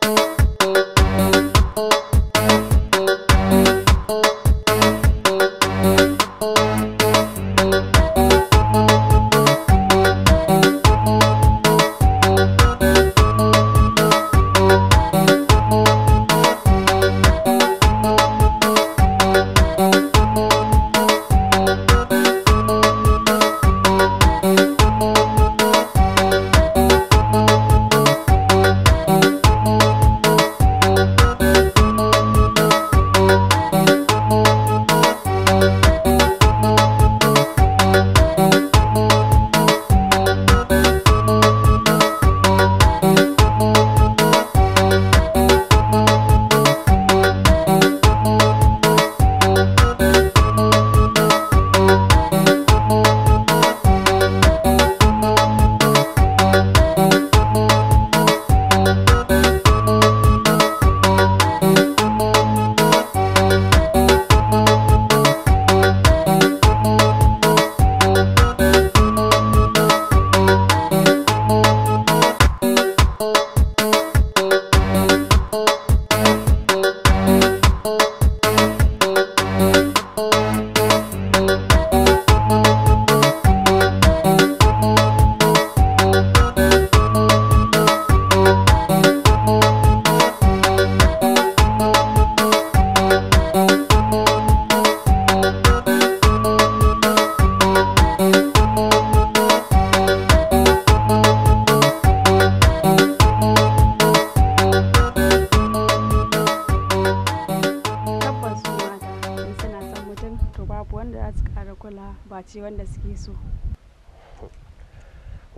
Thank you.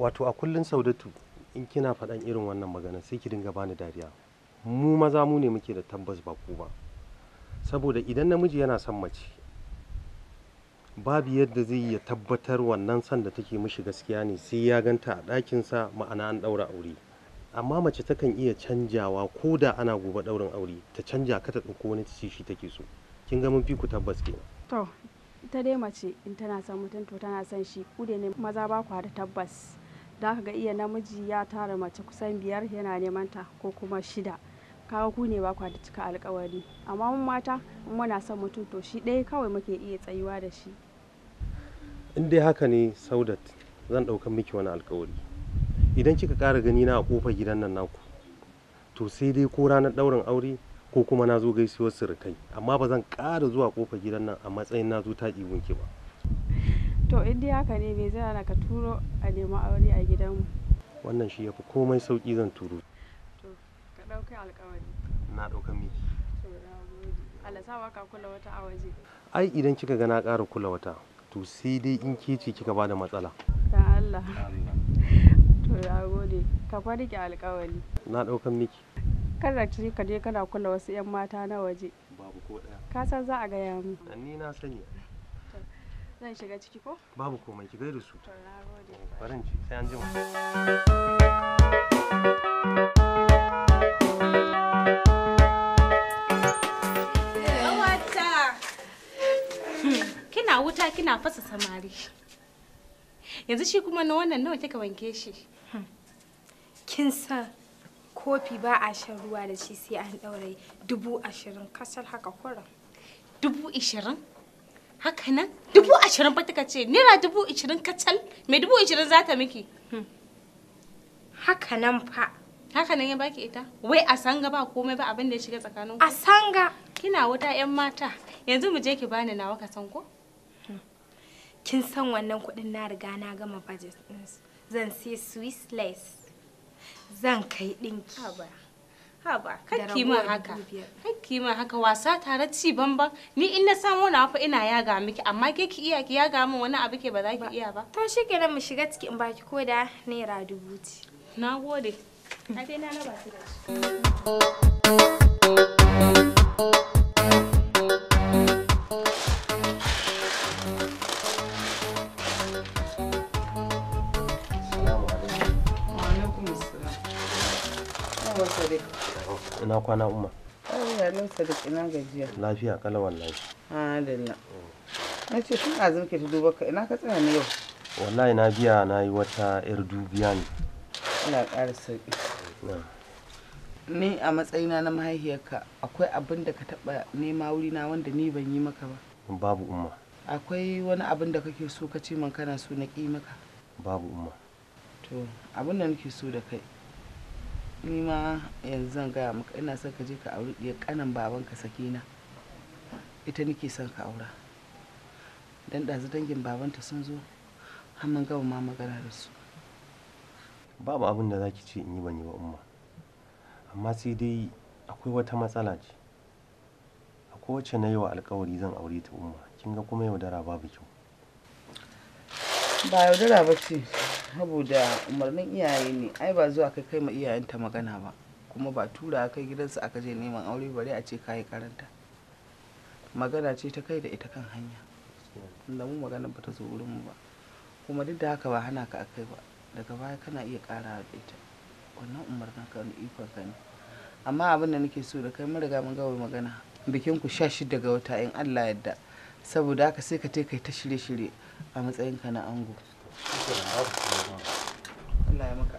wato a kullun saudatu in kina faɗan irin wannan magana sai ki dinga bani dariya mu maza mu ne muke da tabbas ba ku ba saboda idan namiji yana son mace babu yadda zai iya tabbatar wannan son da take mishi gaskiya ne sai ya ganta a ɗakinsa ma'ana an ɗaura aure amma mace takan iya canjawa ko da ana gobe ɗaurin aure ta canja ka ta ɗauko wani ta shi take so kin ga mun fi ku tabbas ke. to ita dai mace in tana son mutum to tana son shi ku ne maza ba ku da tabbas za ka ga iya namiji ya tara mace kusan biyar yana neman ta ko kuma shida kaga ku ne ba da cika alkawari amma mun mata in muna son mutum to shi ɗaya kawai muke iya tsayuwa da shi in dai haka ne saudat zan ɗauka miki wani alkawari idan kika ƙara gani na a ƙofar gidan nan naku to sai dai ko ranar ɗaurin aure ko kuma na zo gaisuwar surukai amma ba zan ƙara zuwa ƙofar gidan nan a matsayin na zo taƙi gunki ba to in dai haka ne me zai hana ka turo a nemi aure a gidanmu wannan shi yafi komai sauki zan turo to ka ɗauka alkawari na ɗauka miki Allah sa baka kula wata a waje ai idan kika ga na ƙara kula wata to sai dai in ke ce kika bada matsala da Allah to ya gode ka fa rike alƙawari na ɗaukan miki kada ka je kana kula wasu 'yan mata na waje babu ko ɗaya ka san za a gaya mu ni na sani Zan shiga ciki ko? Babu komai ki gaida su. Barin ci sai an jima. Kina wuta kina fasa samari. Yanzu shi kuma na wannan nawa kika wanke shi? Kin san kofi ba a shan ruwa da shi sai an ɗaure dubu ashirin kasar haka kurin. Dubu ashirin? haka nan dubu ashirin ba ta ce naira dubu ashirin kacal mai dubu ashirin za ta miki hmm. haka nan fa haka nan ya baki ita wai a sanga ba komai ba abinda ya shiga tsakanin a sanga kina wuta yan mata yanzu mu je ki bani nawa ka san ko hmm. kin san wannan kuɗin na riga na gama budget zan sai swiss lace zan kai ɗinki haba kakki haka kakki haka wasa tare ci bamban ni in na samu na fa ina yaga miki amma ke ki iya ki yaga min wani abu ke ba za ki iya ba to shikenan mu shiga ciki in baki ko da naira dubu ce nagode a dai na raba ki da shi ina kwana umma ya lausa da ina gajiya lafiya kala wallahi adalla na ce shi na zuke ta duba ka ina ka tsaya ne yau wallahi na biya na yi wata yar dubiya ne ina ƙara ni a matsayina na mahaifiyarka akwai abin da ka taɓa nema wurina wanda ni ban yi maka ba babu umma akwai wani abin da kake so ka ce man kana so na ƙi maka babu umma to abin da nake so da kai ni ma yanzu zan gaya maka ina son ka je ka auri ɗiyar ƙanan babanka sakina ita nake son ka aura dan ɗazu dangin babanta sun zo har mun gama ma magana da su babu abin da zaki ce in yi ban yi wa umma amma sai dai akwai wata matsala ce ko wacce na yi wa alkawari zan aure ta umma kin ga kuma yaudara babu kyau ba yaudara ba ce saboda umarnin iyaye ne ai ba zuwa kai kai ma iyayenta magana ba kuma ba tura kai gidansu aka je neman aure bare a ce kayi karanta magana ce ta kai da ita kan hanya inda mu magana ba ta zo wurin mu ba kuma duk da haka ba hana ka akai ba daga baya kana iya kara da ita wannan umarnin ka ikon ka ne amma abin da nake so da kai mun riga mun gawo magana bikin ku 16 ga wata in Allah yadda saboda haka sai ka kai ta shirye-shirye a matsayin ka na ango Allah ya maka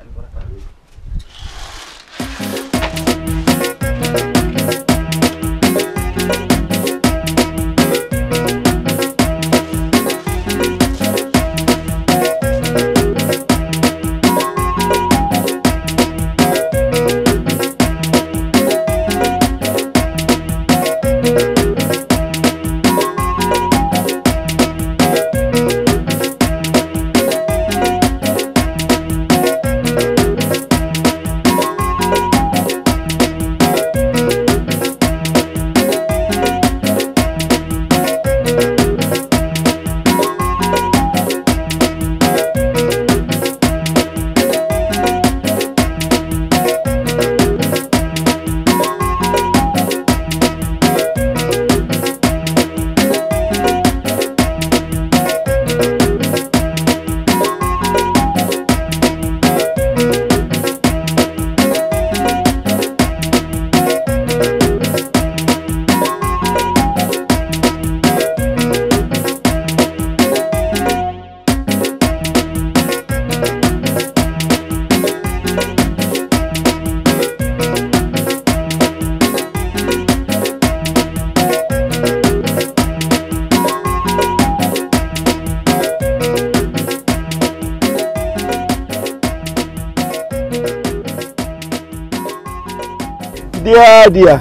diya diya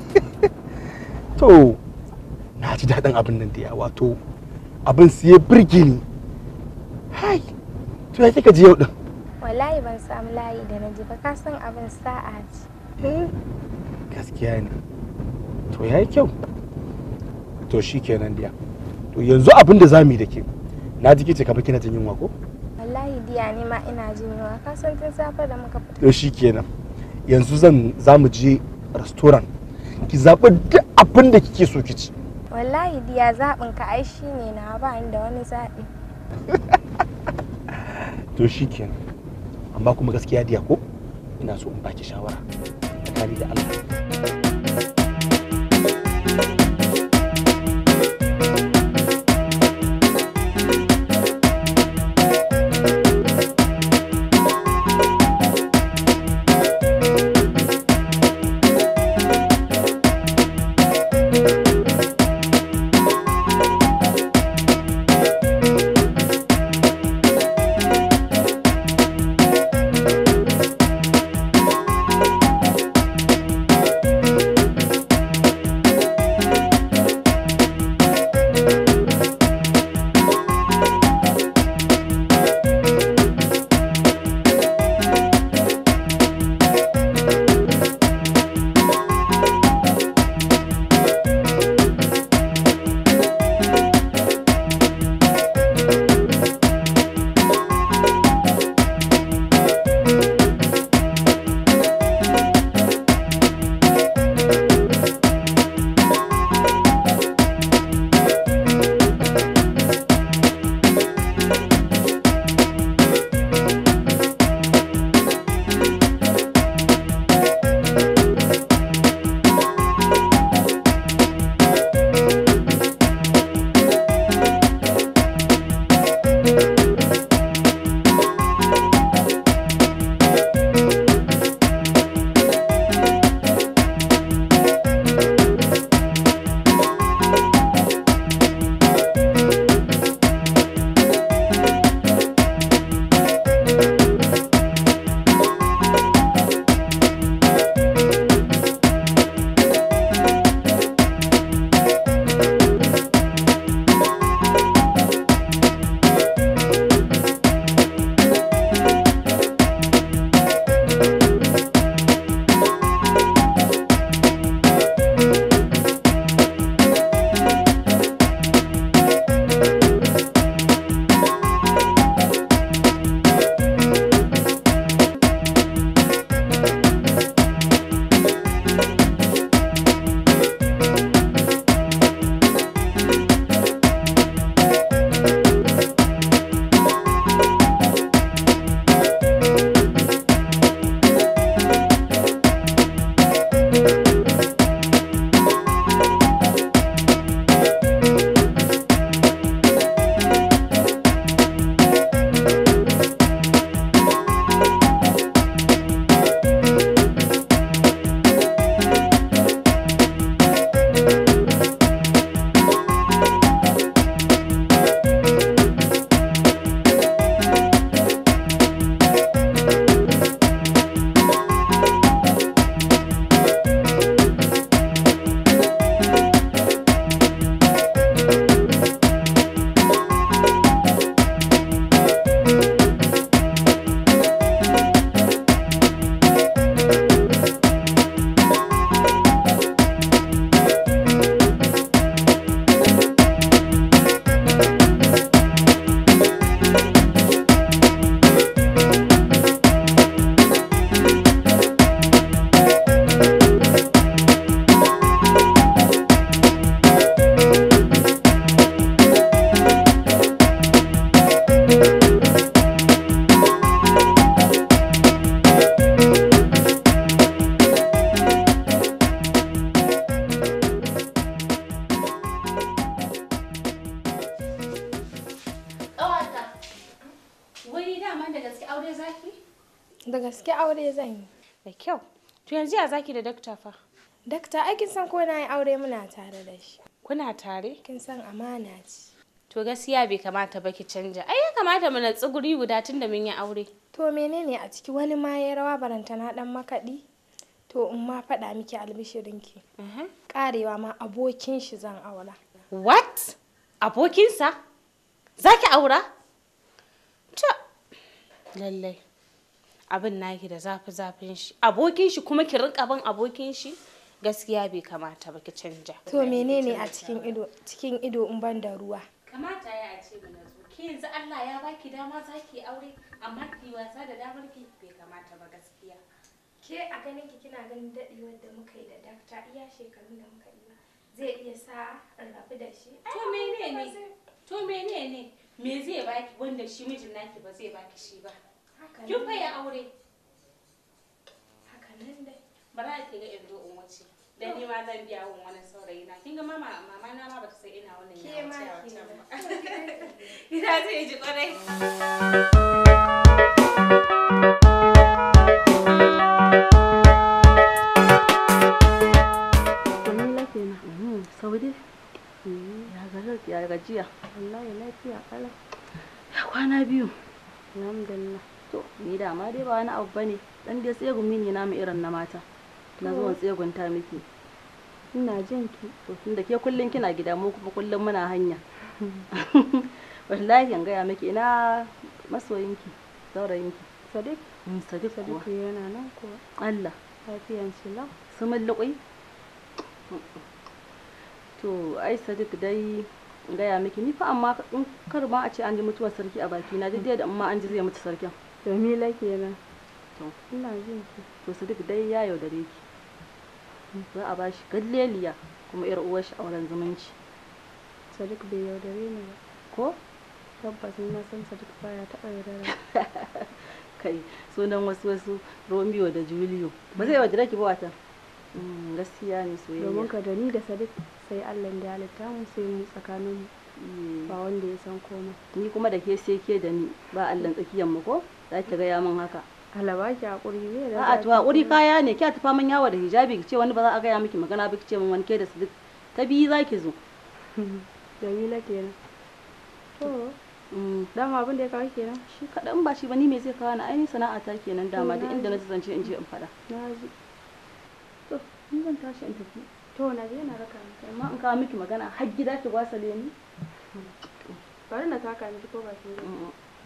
to na ji daɗin abin nan diya wato abin su ya birge ni hai to ya kika ji yau din wallahi ban samu layi da na ji ba ka san abin sa'a ce hmm, gaskiya ne to ya yi kyau to shi kenan diya to yanzu abin da zamu yi da ke na ji kice kamar kina jin yunwa ko wallahi diya ne ma ina jin yunwa ka san tun safe da muka fita. to shi kenan yanzu zan za mu je restaurant ki zaɓi duk abin da kike so ki ci wallahi diya zaɓin ka ai shi ne na ba ni da wani zaɓi to shi amma kuma gaskiya diya ko ina so in baki shawara tsakani da Allah Da gaske aure zan yi. Da kyau. To yanzu ya zaki da dakta fa? Dakta ai kin san ko na yi aure muna tare da shi. Kuna tare? Kin san amana ce. To gaskiya bai kamata ba ki canja. Ai ya kamata mu natsi guri guda tun da mun yi aure. To menene a ciki wani ma ya rawa na dan makaɗi? To in ma faɗa miki albishirin ki. Karewa ma abokin shi zan aura. What? Abokinsa? Za aura? To, lallai. abin naki da zafi zafin shi abokin shi kuma ki rinka bin abokin shi gaskiya bai kamata ba ki canja to menene a cikin ido cikin ido in ban da ruwa kamata ya ce mu nazo ki yanzu Allah ya baki dama zaki aure amma ki wasa da damar ki bai kamata ba gaskiya ke a ganin ki kina ganin dadi wanda muka yi da dakta iya shekarun da muka yi zai iya sa rabu da shi to menene to menene me zai baki wanda shi mijin naki ba zai baki shi ba Kin fa ya aure. Haka nan dai. za ki ga yanzu in wuce. Dan ni ma zan biya wa wani saurayi na. Kin ga mama mama na ma ba ta san ina wannan ya wuce ba. Ina ce ji kwarai. ya gajiya wallahi lafiya kala ya kwana biyu alhamdulillah to ni dama dai ba wani abu bane dan dai tsegumi ne mu irin na mata na zuwan tsegunta miki ina jin ki to da ke kullun kina gida mu kuma kullun muna hanya wallahi an gaya miki ina masoyinki saurayinki mm, sadiq sadiq sadiq yana nan ko Allah lafiyan shi la su mulluƙi to ai sadiq dai gaya miki ni fa amma kar ma a ce an ji mutuwar sarki a baki na duk da amma an ji zai mutu sarkin jamila kenan to ina jin ki to duk dai ya yaudare ki za a bashi galleliya kuma yar uwar shi auren zumunci sadiq bai yaudare ni ba ko tabbas na san sadiq baya taɓa yaudara kai sunan wasu wasu romeo da julio ba zai yaudare ki ba wata mm, gaskiya ne soyayya domin ka da ni da sadiq sai allah da halitta mu sai mu tsakanin eh. ba wanda ya san komai ni kuma da ke sai ke da ni ba allah tsakiyar mu ko za ki gaya min haka halaba ki haƙuri ne da A'a to haƙuri kaya ne kya tafa min yawa da hijabi ki ce wani ba za a gaya miki magana ba ki ce min wani ke da su duk ta biyu za ki zo jamila kenan to mm. dama abin da ya kawo kenan shi kaɗan ba shi ba ni me zai kawo na ainihin sana'a ta kenan dama duk inda na zance in je in faɗa na ji to ni zan tashi in tafi to na je na raka ni amma in kawo miki magana har gida ki gwasa ni bari na taka miki ko ba ki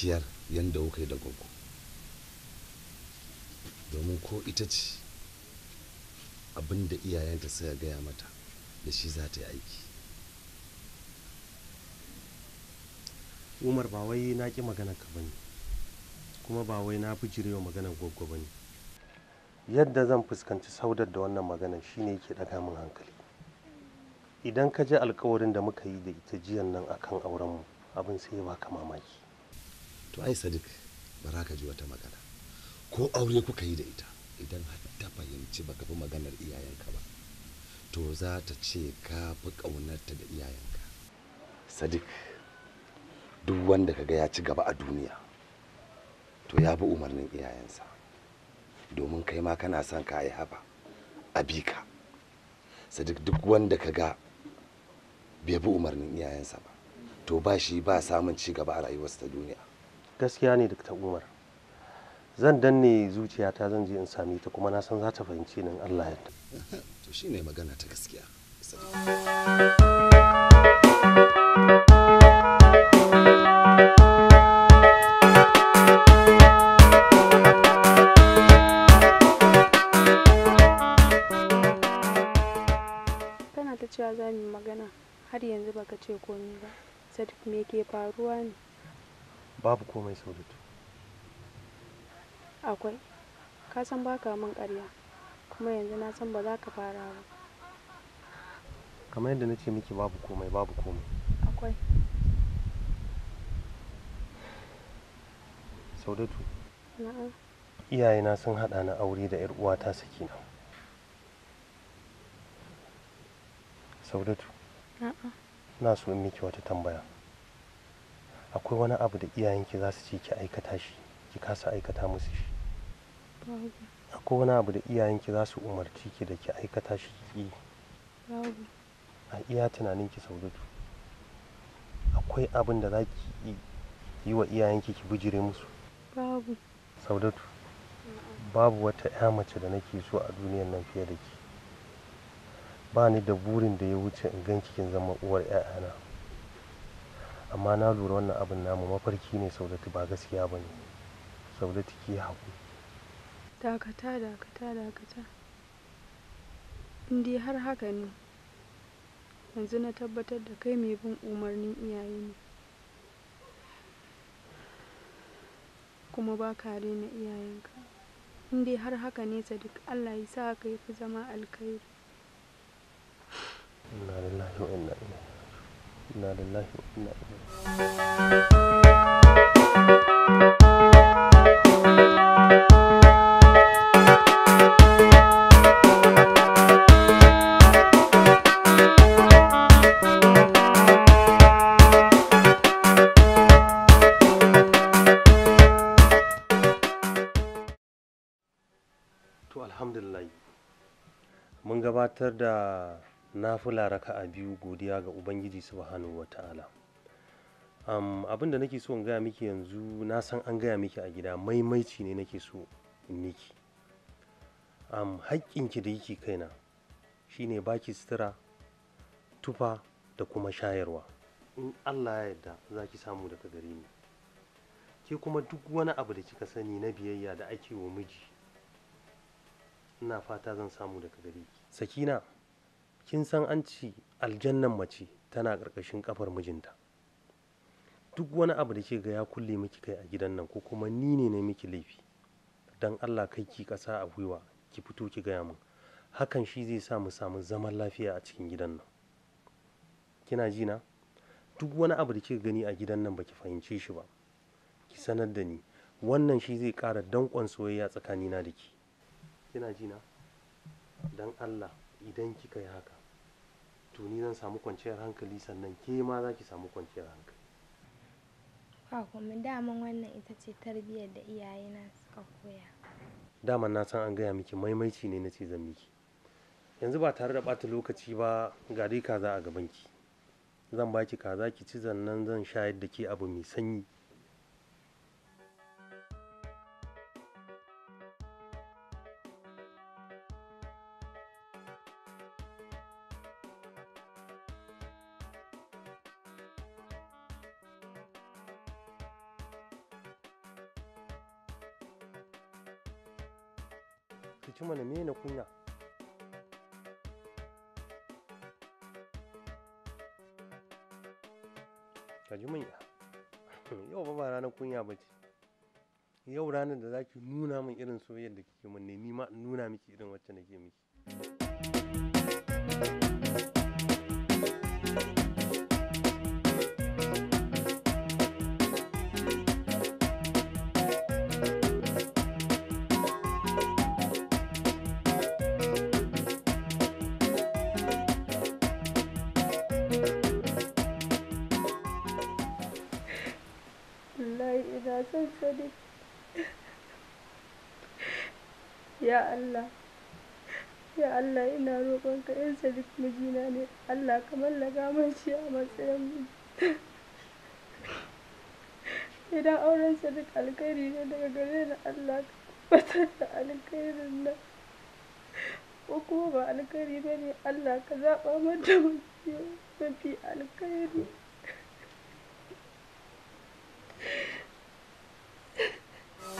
ciyar yadda kuka yi da gogo domin ko ita ce abinda da iyayenta suka gaya mata da shi za ta yi aiki umar ba wai na ƙi magana ka bane kuma ba wai na jire wa maganar gwaggwa bane yadda zan fuskanci saudar da wannan magana shine yake ɗaga min hankali idan ka ji alkawarin da muka yi da ita jiyan nan akan aurenmu abin sai ya baka mamaki to ai sadiq ba za ka ji wata magana ko aure kuka yi da ita idan har ta fahimci baka fi maganar iyayenka ba to za ta ce ka fi ƙaunarta da iyayenka Sadik duk wanda ga ya ci gaba a duniya to ya bi umarnin iyayensa domin kai ma kana son ka yi haba a bi ka sadiq duk wanda ka ga bai bi umarnin iyayensa ba to ba shi ba samun ci gaba a rayuwarsa ta duniya gaskiya ne Dr. Umar. Zan danne zuciyata zan je in same ta kuma na san za ta fahimci nan Allah ya. To shine magana ta gaskiya. babu komai saudatu akwai ka san ba ka min ƙarya kuma yanzu na san ba za ka fara ba kamar yadda na ce miki babu komai babu komai akwai saudatu na'am iyayena sun haɗa na aure da 'yar uwata na saudatu na'am na so in miki wata tambaya akwai wani abu da iyayenki za su ce ki aikata shi ki kasa aikata musu shi akwai wani abu da iyayenki za su umarci ki da ki aikata shi ki a iya tunaninki saudatu akwai abin da za ki yi wa iyayenki ki bijire musu babu saudatu babu wata 'ya mace da nake so a duniyar nan fiye da ki ba ni da burin da ya wuce in ganki kin zama uwar 'ya'yana. amma na lura wannan abin namu mafarki ne saudatu ba gaskiya ba ne saudatu ke haku dakata dakata dakata indi har haka ne yanzu na tabbatar da kai mai bin umarnin iyaye ne kuma ba kare na iyayenka indi har haka ne duk allah ya sa ka yi fi zama alkhairi inna lillahi wa inna ilaihi inna lillahi wa inna ilaihi gabatar da Na fi laraka a biyu godiya ga ubangiji subhanahu wa ta'ala um, abin da nake so in gaya miki yanzu na san an gaya miki a gida maimaici ne nake so in miki um, haƙƙinki da yake kaina shine baki sutura tufa da kuma shayarwa in allah ya yarda za ki samu daga gare ni ke kuma duk wani abu da kika sani na biyayya da ake wa miji ina fata zan samu daga gare ki sakina kin san an ci aljannan mace tana ƙarƙashin ƙafar mijinta duk wani abu da ke ga ya kulle miki kai a gidan nan ko kuma ni ne na miki laifi don allah kai ki ƙasa a gwiwa ki fito ki gaya min hakan shi zai sa mu samu zaman lafiya a cikin gidan nan kina ji na duk wani abu da kika gani a gidan nan baki fahimce shi ba ki sanar da ni wannan shi zai ƙara danƙon soyayya tsakanina da ki kina ji na don allah idan kika yi haka tuni zan samu kwanciyar hankali sannan ke ma za ki samu kwanciyar hankali ba kuma daman wannan ita ce tarbiyyar da iyaye na suka koya daman na san an gaya miki maimaici ne na ce zan miki yanzu ba tare da ɓata lokaci ba ga dai kaza a gabanki zan baki kaza ki ci zannan zan shayar da ke abu mai sanyi ci mana me kunya ka ji mun yau ba ba ranar kunya ba ce yau ranar da za ki nuna min irin soyayyar da kike mun ne ma nuna miki irin wacce nake miki gode ya Allah ya Allah ina roƙonka in sadiq mijina ne Allah ka mallaka min shi a matsayin mu. idan auren sadiq alkhairi ne daga gare ni Allah ka tabbatar da alkhairin nan ko kuma ba alkhairi ba ne Allah ka zaɓa mata mafi alkhairi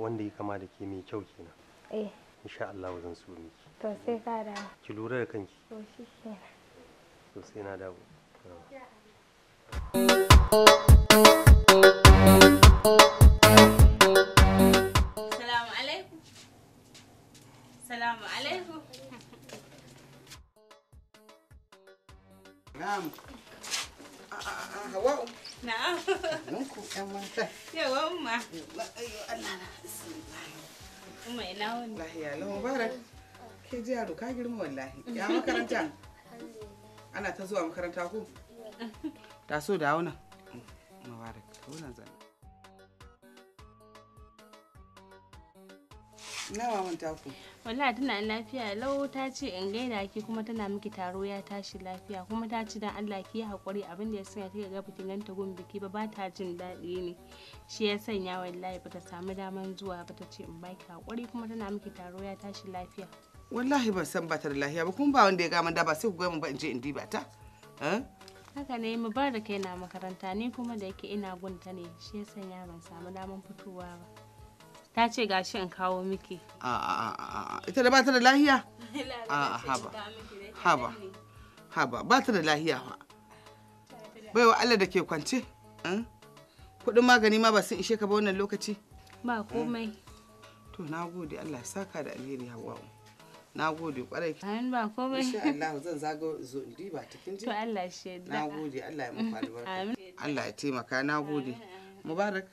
wanda ya kama da ke mai kyau kenan eh insha Allah zan so miki to sai ka ki lura da kanki to shi kenan to sai na dawo ka girma wallahi ya makaranta ana ta zuwa makaranta ku ta so da auna mubarak zan nawa mun taku wallahi tana lafiya lau ta ce in gaida ki kuma tana miki taro ya tashi lafiya kuma ta ce dan Allah ki hakuri abin da ya sanya kika ga bikin ganta gun biki ba ba ta jin daɗi ne shi ya sanya wallahi ta samu daman zuwa ba ta ce in baki hakuri kuma tana miki taro ya tashi lafiya wallahi ban san ba ta da lahiya ba kuma ba wanda ya gama da ba sai ku gama ba in je in diba ta eh? haka ne mu ba kai na makaranta ni kuma da yake ina gunta ne shi ya sanya ban samu daman fitowa ba ta ce gashi in kawo miki a a a ita da ba ta da lahiya a haba haba haba ba ta da lahiya ba baiwa Allah da ke kwance eh? kudin magani ma ba sun ishe ka ba wannan lokaci ba komai eh. to na gode Allah saka da alheri hawa na gode kwarai amin ba komai insha Allah zan zago zo in diba cikin ji to Allah shi da na gode Allah ya muku albarka amin Allah ya taimaka na gode mubarak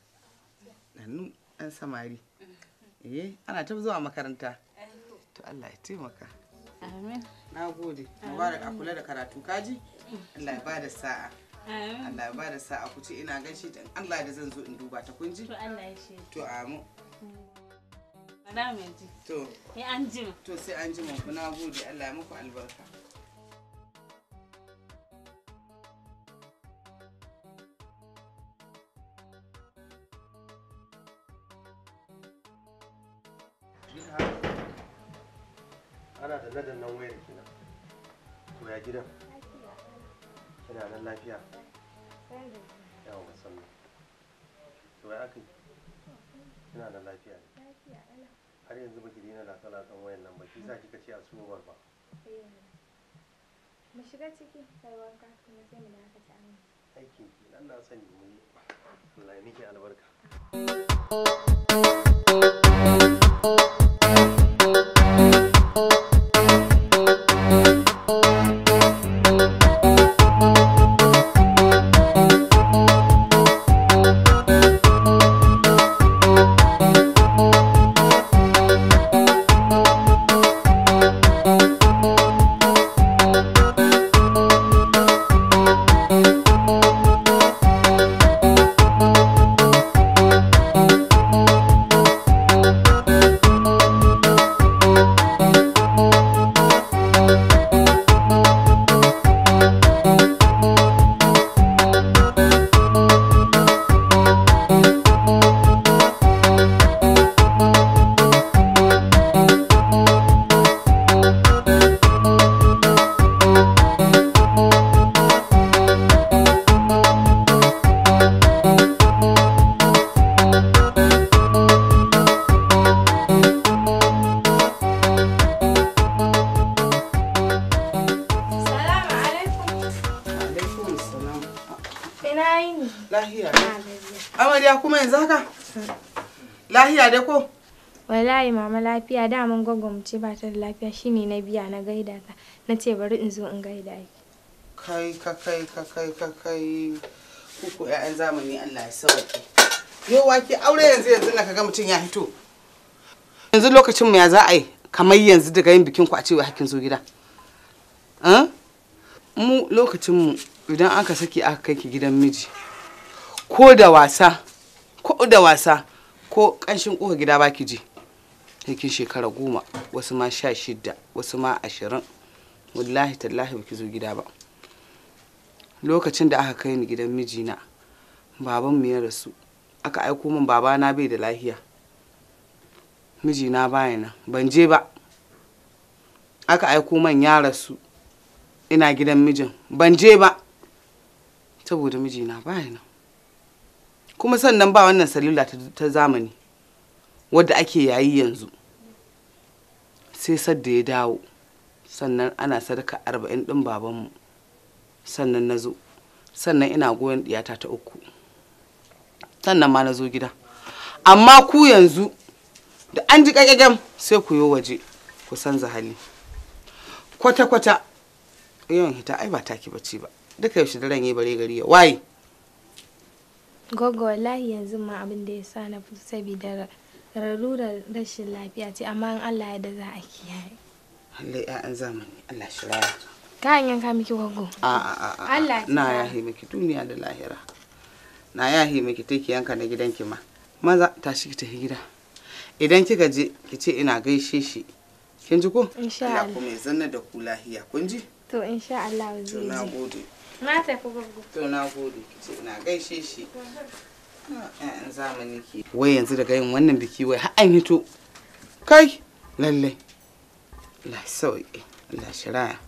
nanu an samari eh ana ta zuwa makaranta to Allah ya taimaka amin na gode mubarak a kula da karatu kaji Allah ya bada sa'a Allah ya bada sa'a ku ce ina gaishe dan Allah da zan zo in duba ta kun ji to Allah ya shi to amin Bara mai ji. To. Sai an jima. To sai an jima ku na gode Allah ya muku albarka. Ana da nadan nan wayar kina. To ya gidan? Kina nan lafiya. har yanzu baki dina da latsa-latsan wayan nan ba ki sa kika ce a su ba ba eh, mu shiga ciki kai wanka kuma sai mu dafa ta amin aikin ki nan na sani mu yi Allah ya miki albarka Lahiya dai ko? Wallahi mama lafiya daman ce ba ta da lafiya shine na biya na gaida ka. Na ce bari in zo in gaida ki. Kai ka kai ka kai ka kai. Kuku ƴaƴan zamani Allah ya sauke. Yau wake aure yanzu yanzu na kaga mutum ya hito. Yanzu lokacin mu ya za a yi kamar yanzu daga yin bikin ku a cewa hakkin zo gida. Mu lokacin mu idan aka saki aka kai ki gidan miji. Ko da wasa, ko da wasa, ko kanshin kuka gida baki ji yakin shekara goma wasu ma sha shidda wasu ma ashirin wallahi tallahi ki zo gida ba lokacin da aka kai ni gidan mijina baban mu ya rasu aka aiko min babana bai da lahiya mijina baya nan ban je ba aka aiko man ya rasu ina gidan mijin ban je ba saboda mijina baya nan kuma sannan ba wannan salula ta zamani wadda ake yayi yanzu sai sadda ya dawo sannan ana sadaka arba'in din babanmu sannan na zo sannan ina goyon diyata ta uku sannan ma na zo gida amma ku yanzu da an ji ƙaƙƙen sai ku yi waje ku san zahali kwata-kwata yawan hita ai ba taki bacci ba duka yaushe da ran yi bare gari ya waye gogo wallahi yanzu ma abin da ya sa na fito saboda da rashin lafiya ce amma in Allah ya da za a kiyaye. Allah an zamani Allah shi raya. Ka an yanka miki gogo. A a a a. Allah na hi miki duniya da lahira. Na ya hi miki take yanka na gidanki ma. Maza tashi ki tafi gida. Idan kika je ki ce ina gaishe shi. Kin ji ko? Insha Allah. Allah kuma ya zanna da ku lahiya. Kun ji? To insha Allah zai ji. Na gode. na tafi gugu to na gode kice ina gaishe shi ah, ƴaƴan zamani ke wai yanzu daga yin wannan biki wai har an hito kai lalle Allah sauke Allah